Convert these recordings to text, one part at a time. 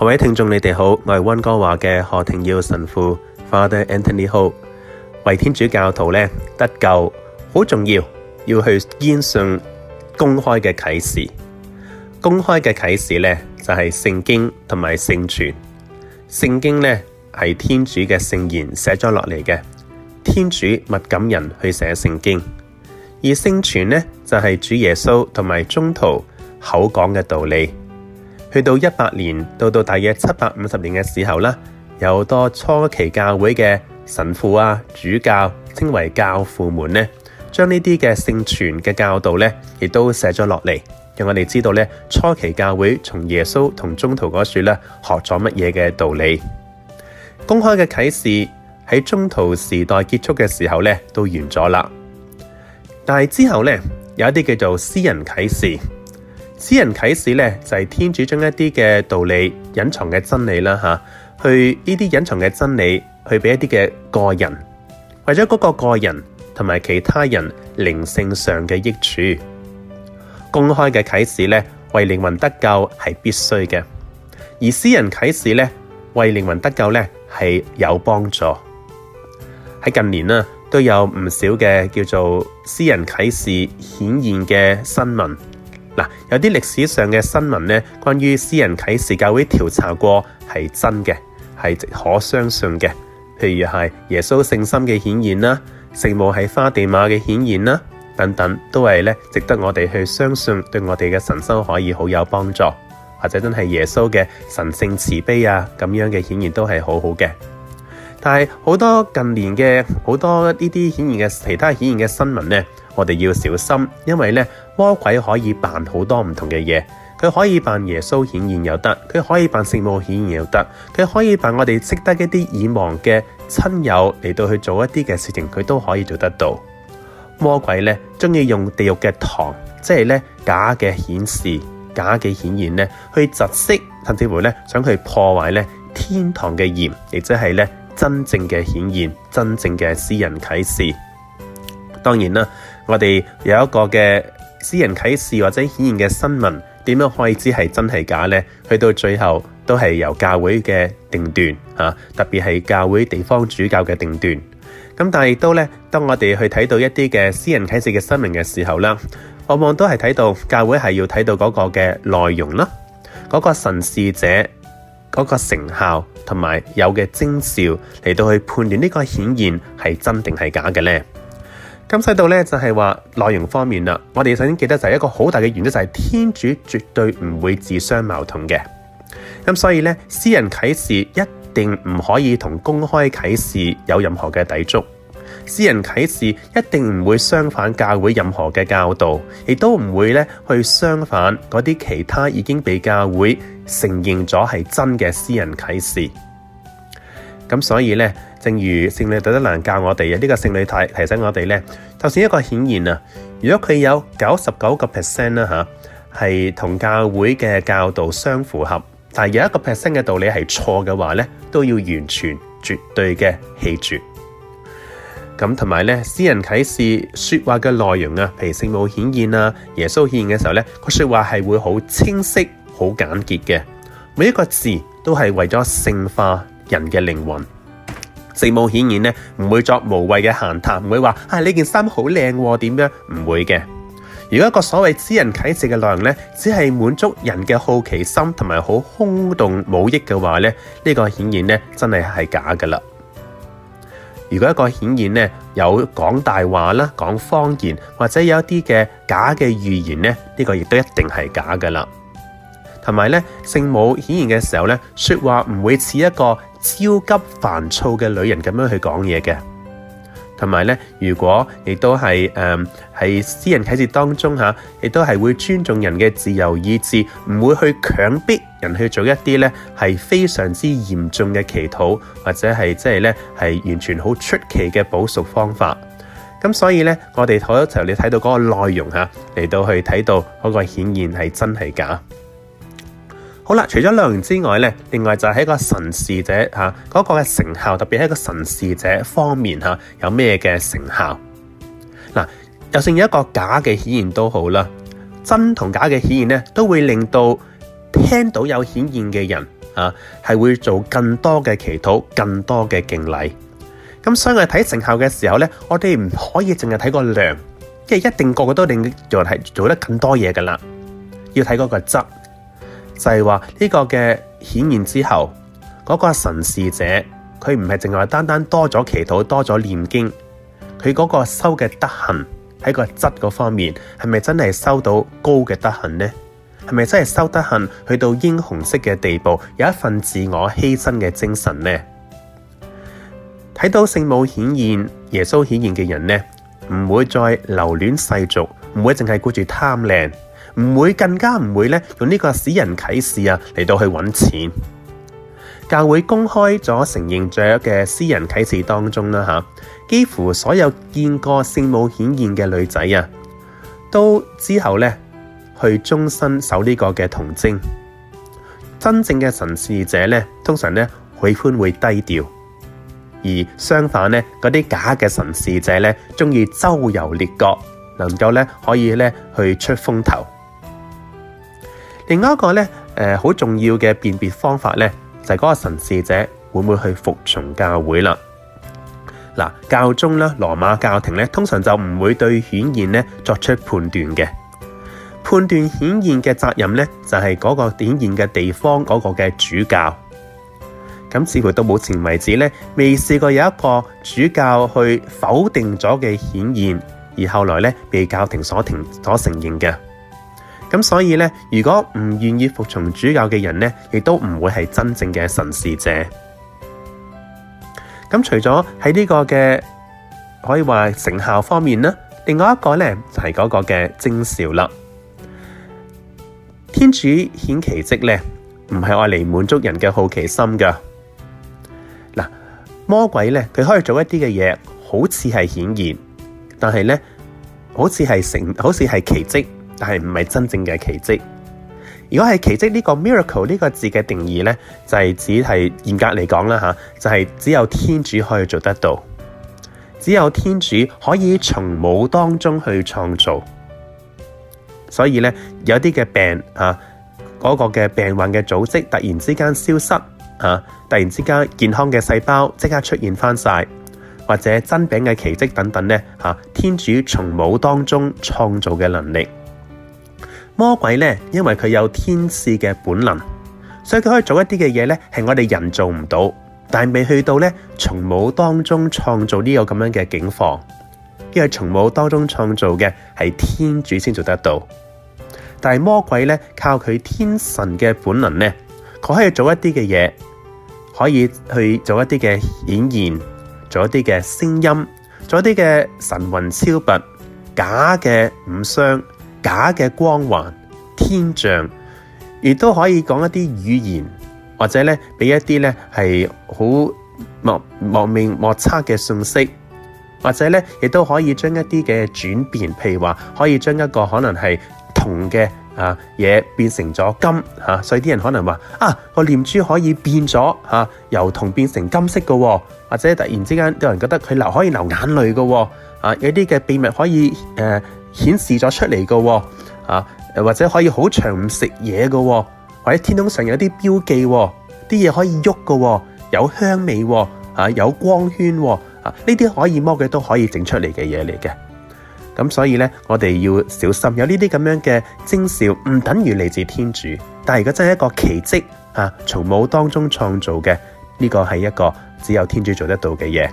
各位聽眾，你哋好，我係溫哥華嘅何庭耀神父，Father Anthony Ho。為天主教徒呢，得救好重要，要去堅信公開嘅啟示。公開嘅啟示呢，就係聖經同埋聖傳。聖經呢，係天主嘅聖言寫咗落嚟嘅，天主默感人去寫聖經。而聖傳呢，就係主耶穌同埋宗徒口講嘅道理。去到一百年，到到大約七百五十年嘅時候啦，有多初期教會嘅神父啊、主教，稱為教父們呢，將呢啲嘅聖傳嘅教導呢亦都寫咗落嚟，讓我哋知道呢，初期教會從耶穌同中途嗰處呢學咗乜嘢嘅道理。公開嘅啟示喺中途時代結束嘅時候呢都完咗啦。但係之後呢，有一啲叫做私人啟示。私人啟示呢，就係天主將一啲嘅道理隱藏嘅真理啦吓、啊，去呢啲隱藏嘅真理去畀一啲嘅個人，為咗嗰個個人同埋其他人靈性上嘅益處，公開嘅啟示呢，為靈魂得救係必須嘅，而私人啟示呢，為靈魂得救呢，係有幫助。喺近年啊都有唔少嘅叫做私人啟示顯現嘅新聞。嗱，有啲歷史上嘅新聞咧，關於私人啟示，教會調查過係真嘅，係可相信嘅。譬如係耶穌聖心嘅顯現啦，聖母喺花地瑪嘅顯現啦，等等，都係咧值得我哋去相信，對我哋嘅神修可以好有幫助，或者真係耶穌嘅神聖慈悲啊咁樣嘅顯現都係好好嘅。但係好多近年嘅好多呢啲顯現嘅其他顯現嘅新聞呢。我哋要小心，因為咧，魔鬼可以扮好多唔同嘅嘢。佢可以扮耶穌顯現又得，佢可以扮聖母顯現又得，佢可以扮我哋識得一啲已亡嘅親友嚟到去做一啲嘅事情，佢都可以做得到。魔鬼呢，中意用地獄嘅糖，即係咧假嘅顯示、假嘅顯現咧去窒息，甚至乎呢，想去破壞咧天堂嘅鹽，亦即係呢，真正嘅顯現、真正嘅私人啟示。當然啦。我哋有一個嘅私人啟示或者顯現嘅新聞，點樣可以知係真係假呢？去到最後都係由教會嘅定斷，特別係教會地方主教嘅定斷。咁但係亦都咧，當我哋去睇到一啲嘅私人啟示嘅新聞嘅時候啦，往往都係睇到教會係要睇到嗰個嘅內容啦，嗰個神事者嗰個成效同埋有嘅徵兆嚟到去判斷呢個顯現係真定係假嘅呢。咁細到咧就係話內容方面啦，我哋首先記得就係一個好大嘅原則就係天主絕對唔會自相矛盾嘅。咁所以咧，私人啟示一定唔可以同公開啟示有任何嘅抵觸，私人啟示一定唔會相反教會任何嘅教導，亦都唔會咧去相反嗰啲其他已經被教會承認咗係真嘅私人啟示。咁所以咧，正如聖女德德蘭教我哋嘅，這個、呢個聖女提提醒我哋咧，就算一個顯現啊，如果佢有九十九個 percent 啦，嚇係同教會嘅教導相符合，但係有一個 percent 嘅道理係錯嘅話咧，都要完全絕對嘅棄絕。咁同埋咧，私人啟示説話嘅內容啊，譬如聖母顯現啊，耶穌顯現嘅時候咧，個説話係會好清晰、好簡潔嘅，每一個字都係為咗聖化。人嘅靈魂，聖母顯現呢，唔會作無謂嘅閒談，唔會話啊，呢件衫好靚點樣，唔會嘅。如果一個所謂私人啟示嘅內容咧，只係滿足人嘅好奇心同埋好空洞冇益嘅話呢，呢、這個顯現呢，真係係假噶啦。如果一個顯現呢，有講大話啦，講方言或者有一啲嘅假嘅預言呢，呢、這個亦都一定係假噶啦。同埋呢，聖母顯現嘅時候呢，說話唔會似一個。超級煩躁嘅女人咁樣去講嘢嘅，同埋呢，如果亦都係誒，係、呃、私人啟示當中吓，亦都係會尊重人嘅自由意志，唔會去強迫人去做一啲呢係非常之嚴重嘅祈禱，或者係即係呢係完全好出奇嘅補贖方法。咁所以呢，我哋好一時你睇到嗰個內容吓，嚟到去睇到嗰個顯現係真係假的。好啦，除咗量之外咧，另外就係一個神事者吓嗰、啊嗰個嘅成效，特別係一個神事者方面吓、啊、有咩嘅成效？嗱、啊，就算有一個假嘅顯現都好啦，真同假嘅顯現咧，都會令到聽到有顯現嘅人啊，係會做更多嘅祈禱、更多嘅敬禮。咁所以我哋睇成效嘅時候咧，我哋唔可以淨係睇個量，即係一定個個都令做係做得更多嘢噶啦，要睇嗰個質。就係話呢個嘅顯現之後，嗰個神事者，佢唔係淨係單單多咗祈禱，多咗唸經，佢嗰個修嘅德行喺個質嗰方面，係咪真係修到高嘅德行呢？係咪真係修德行去到英雄式嘅地步，有一份自我犧牲嘅精神呢？睇到聖母顯現、耶穌顯現嘅人呢，唔會再留戀世俗，唔會淨係顧住貪靚。唔會，更加唔會咧，用呢個私人啟示啊，嚟到去揾錢。教會公開咗承認咗嘅私人啟示當中啦，嚇，幾乎所有見過聖母顯現嘅女仔啊，都之後咧去終身守呢個嘅童貞。真正嘅神視者咧，通常咧喜歡會低調，而相反咧嗰啲假嘅神視者咧，鍾意周遊列國，能夠咧可以咧去出風頭。另一個咧，誒、呃、好重要嘅辨別方法咧，就係、是、嗰個神視者會唔會去服從教會啦？嗱，教宗咧，羅馬教廷咧，通常就唔會對顯現咧作出判斷嘅。判斷顯現嘅責任咧，就係、是、嗰個顯現嘅地方嗰個嘅主教。咁似乎到目前為止咧，未試過有一個主教去否定咗嘅顯現，而後來咧被教廷所停所承認嘅。咁所以咧，如果唔願意服從主教嘅人咧，亦都唔會係真正嘅神事者。咁除咗喺呢個嘅，可以話成效方面啦，另外一個咧就係嗰個嘅徵兆啦。天主顯奇跡咧，唔係愛嚟滿足人嘅好奇心噶。嗱，魔鬼咧佢可以做一啲嘅嘢，好似係顯現，但係咧好似係成，好似係奇跡。但係唔係真正嘅奇迹。如果係奇蹟，呢個 miracle 呢個字嘅定義呢，就係、是、只係嚴格嚟講啦，吓，就係、是、只有天主可以做得到，只有天主可以從冇當中去創造。所以呢，有啲嘅病啊，嗰、那個嘅病患嘅組織突然之間消失，突然之間健康嘅細胞即刻出現翻晒，或者真病嘅奇迹等等呢，吓，天主從冇當中創造嘅能力。魔鬼咧，因為佢有天使嘅本能，所以佢可以做一啲嘅嘢咧，係我哋人做唔到，但係未去到咧，從冇當中創造呢個咁樣嘅境況，因為從冇當中創造嘅係天主先做得到，但係魔鬼咧，靠佢天神嘅本能咧，佢可以做一啲嘅嘢，可以去做一啲嘅顯現，做一啲嘅聲音，做一啲嘅神魂超拔，假嘅五傷。假嘅光環、天象，亦都可以講一啲語言，或者咧俾一啲咧，係好莫莫名莫測嘅信息，或者咧亦都可以將一啲嘅轉變，譬如話可以將一個可能係銅嘅啊嘢變成咗金嚇、啊，所以啲人可能話啊個念珠可以變咗嚇、啊、由銅變成金色嘅、哦，或者突然之間有人覺得佢流可以流眼淚嘅、哦，啊有啲嘅秘密可以誒。呃顯示咗出嚟嘅喎，啊，或者可以好長唔食嘢嘅喎，或者天空上有啲標記，啲嘢可以喐嘅喎，有香味，啊，有光圈，啊，呢啲可以魔鬼都可以整出嚟嘅嘢嚟嘅。咁所以呢，我哋要小心，有呢啲咁樣嘅徵兆，唔等於嚟自天主。但係如果真係一個奇蹟，啊，從無當中創造嘅，呢個係一個只有天主做得到嘅嘢。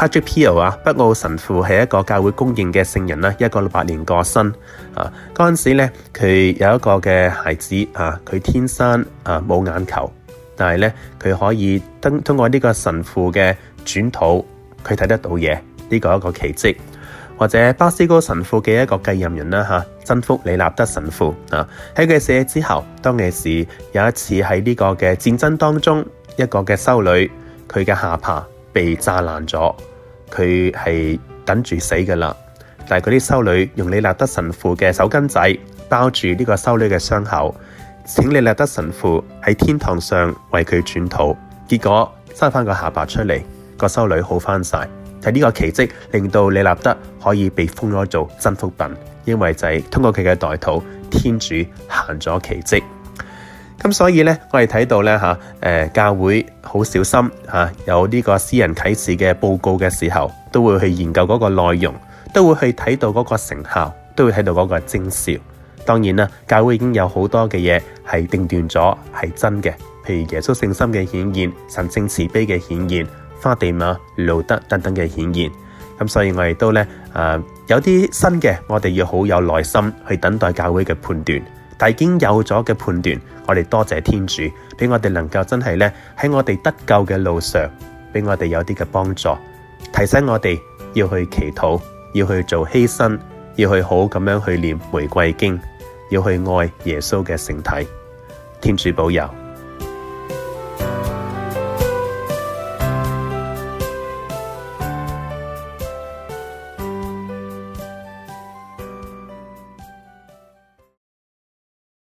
Padre Pio 啊，庇奧神父係一個教會公認嘅聖人啦，一九六八年過身啊。嗰陣時咧，佢有一個嘅孩子啊，佢天生啊冇眼球，但係呢，佢可以通過過呢個神父嘅轉土，佢睇得到嘢，呢個一個奇蹟。或者巴斯哥神父嘅一個繼任人啦吓，真福李納德神父啊，喺佢死咗之後，當其時有一次喺呢個嘅戰爭當中，一個嘅修女佢嘅下巴被炸爛咗。佢係等住死㗎喇，但係嗰啲修女用李納德神父嘅手巾仔包住呢個修女嘅傷口，請李納德神父喺天堂上為佢轉禱，結果生翻個下巴出嚟，個修女好翻晒，係呢個奇蹟令到李納德可以被封咗做真福品，因為就係通過佢嘅代禱，天主行咗奇蹟。咁所以咧，我哋睇到咧吓，誒教會好小心吓，有呢個私人啟示嘅報告嘅時候，都會去研究嗰個內容，都會去睇到嗰個成效，都會睇到嗰個徵兆。當然啦，教會已經有好多嘅嘢係定斷咗係真嘅，譬如耶穌聖心嘅顯現神聖慈悲嘅顯現花地瑪、路德等等嘅顯現，咁所以我哋都咧誒有啲新嘅，我哋要好有耐心去等待教會嘅判斷。但已經有咗嘅判斷，我哋多謝天主，俾我哋能夠真係咧喺我哋得救嘅路上，俾我哋有啲嘅幫助，提醒我哋要去祈禱，要去做犧牲，要去好咁樣去念玫瑰經，要去愛耶穌嘅聖體。天主保佑。